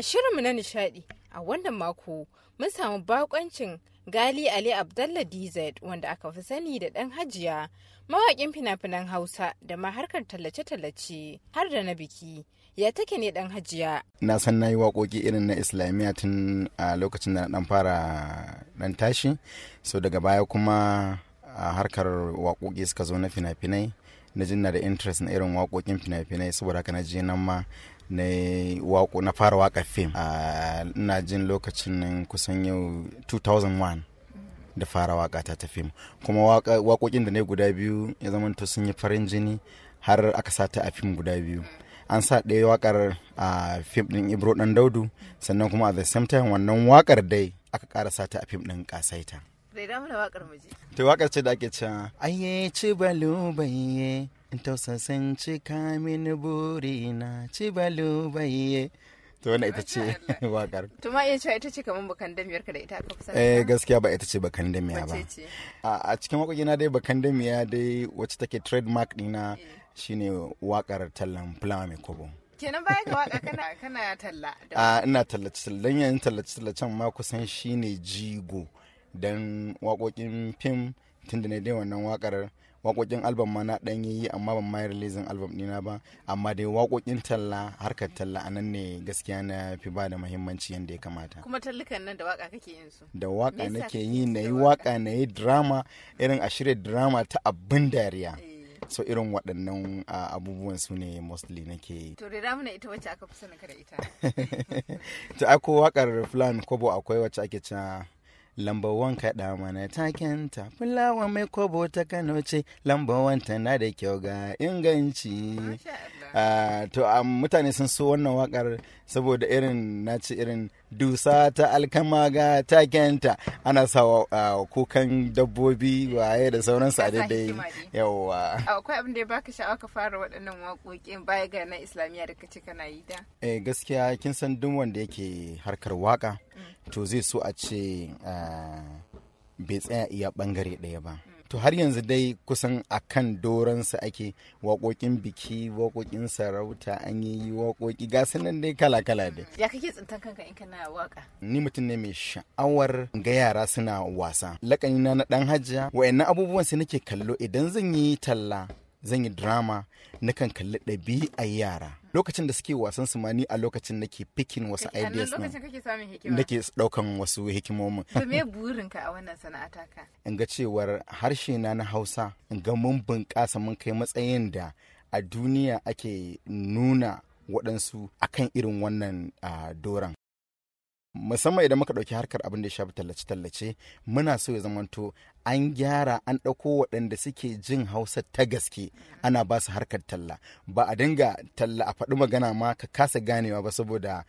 A shirinmu na nishadi a wannan mako mun samu bakoncin Gali Ali Abdallah DZ wanda aka fi sani da dan hajiya mawaƙin fina-finan Hausa da ma harkar tallace-tallace har da na biki. Ya take ne dan hajiya? Na san na yi waƙoƙi irin na Islamiyya tun a lokacin da na ɗan fara ɗan tashi, sau daga baya kuma a harkar waƙoƙi suka zo na fina-finai na jinna da interest na irin waƙoƙin fina-finai saboda haka na je nan ma na fara waka fim ina jin lokacin nan kusan yau 2001 da fara waka ta ta fim kuma wakokin da na guda biyu ya zamanto sun yi farin jini har aka sata a fim guda biyu an sa ɗaya wakar a fim ɗin ibro ɗan daudu sannan kuma a the same time wannan wakar dai aka ƙara sata a fim ɗin ƙasaita Rera mana waƙar mu ji. Ta waƙar ce da ake cewa. Aye ci balu baye, in tausasan kamin mini ci balu baye. to wani ita ce waƙar. to ma iya cewa ita ce kamar bakan damiyar ka da ita aka kusa eh gaskiya ba ita ce bakan damiya ba a cikin waƙoƙi na dai bakan damiya dai wacce take trademark dina eh. shine waƙar tallan fulawa mai kobo kenan baya ga waƙa kana kana talla a ina tallace tallan yayin tallace tallacen ma kusan shine jigo don waƙoƙin fim tun da na dai wannan wakar waƙoƙin album ma na ɗan yi amma ban mai releasing album ɗina ba amma dai waƙoƙin talla harkar talla anan ne gaskiya na fi ba da muhimmanci yadda ya kamata kuma tallukan nan da waka kake yin su da waka nake yi na yi waka na yi drama irin a shirya drama ta abin dariya eh. so irin waɗannan abubuwan su ne mostly nake yi to rera mana ita wacce aka fi sani kada ita Ta akwai wakar flan kobo akwai wacce ake cewa lamba wanka da mana takenta fulawa mai kobo ta kano ce lambar wanta na da kyau ga inganci ah, to mutane sun so wannan wakar saboda irin na ci irin dusa ta alkama ga takenta ana sawa ah, kukan dabbobi waye da sauransu a daidai yawa akwai abin da ya baka sha'awa ka fara waɗannan waƙoƙin baya ga na islamiyya da ka ce kana yi da eh gaskiya kin san duk wanda yake harkar waka to zai so a ce ah, bai tsaya iya bangare ɗaya ba to har yanzu dai kusan a kan doransa ake waƙoƙin biki waƙoƙin sarauta an yi waƙoƙi gasu nan dai kala-kala dai ya kake tsintan kanka in kana waƙa ni mutum ne mai sha'awar ga yara suna wasa lakanina na dan hajja wa'annan abubuwan sai nake kallo idan zan yi talla zan yi drama na kan kalli ɗabi'a yara lokacin da suke wasan su mani a lokacin nake picking wasu ideas na nake daukan wasu hikimomin to me burinka a wannan sana'ata ka in ga cewar harshe na na Hausa in ga mun bunƙasa mun kai matsayin da a duniya ake nuna waɗansu akan irin wannan doron musamman idan muka ɗauki harkar abin da ya shafi tallace-tallace muna so ya zamanto an gyara an ɗauko waɗanda suke jin hausa ta gaske ana ba su harkar talla ba a dinga talla a faɗi magana ma ka kasa ganewa ba saboda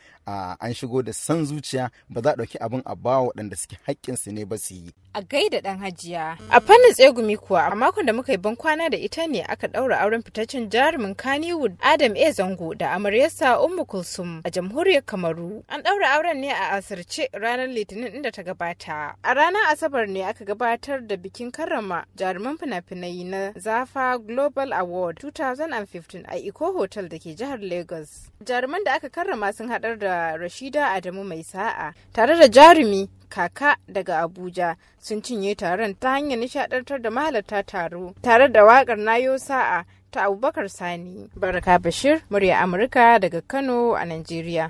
an shigo da san zuciya ba za a ɗauki abin a ba waɗanda suke haƙƙinsu ne ba su yi a gaida ɗan hajiya a fannin tsegumi kuwa a makon da muka yi ban kwana da ita ne aka ɗaura auren fitaccen jarumin kaniwood adam a zango da amaryarsa ummu kulsum a jamhuriyar kamaru an ɗaura auren ne a asirce ranar litinin inda ta gabata a ranar asabar ne aka gabatar da bikin karrama jaruman fina-finai na Zafa Global Award 2015 a eco Hotel da ke jihar Lagos. Jaruman da aka karrama sun hadar da Rashida Adamu Mai Sa'a tare da jarumi kaka daga Abuja sun cinye taron ta hanyar nishadantar da mahalarta taro tare da wakar Nayo Sa'a ta Abubakar Sani. Baraka Bashir, murya Amurka daga Kano a Najeriya.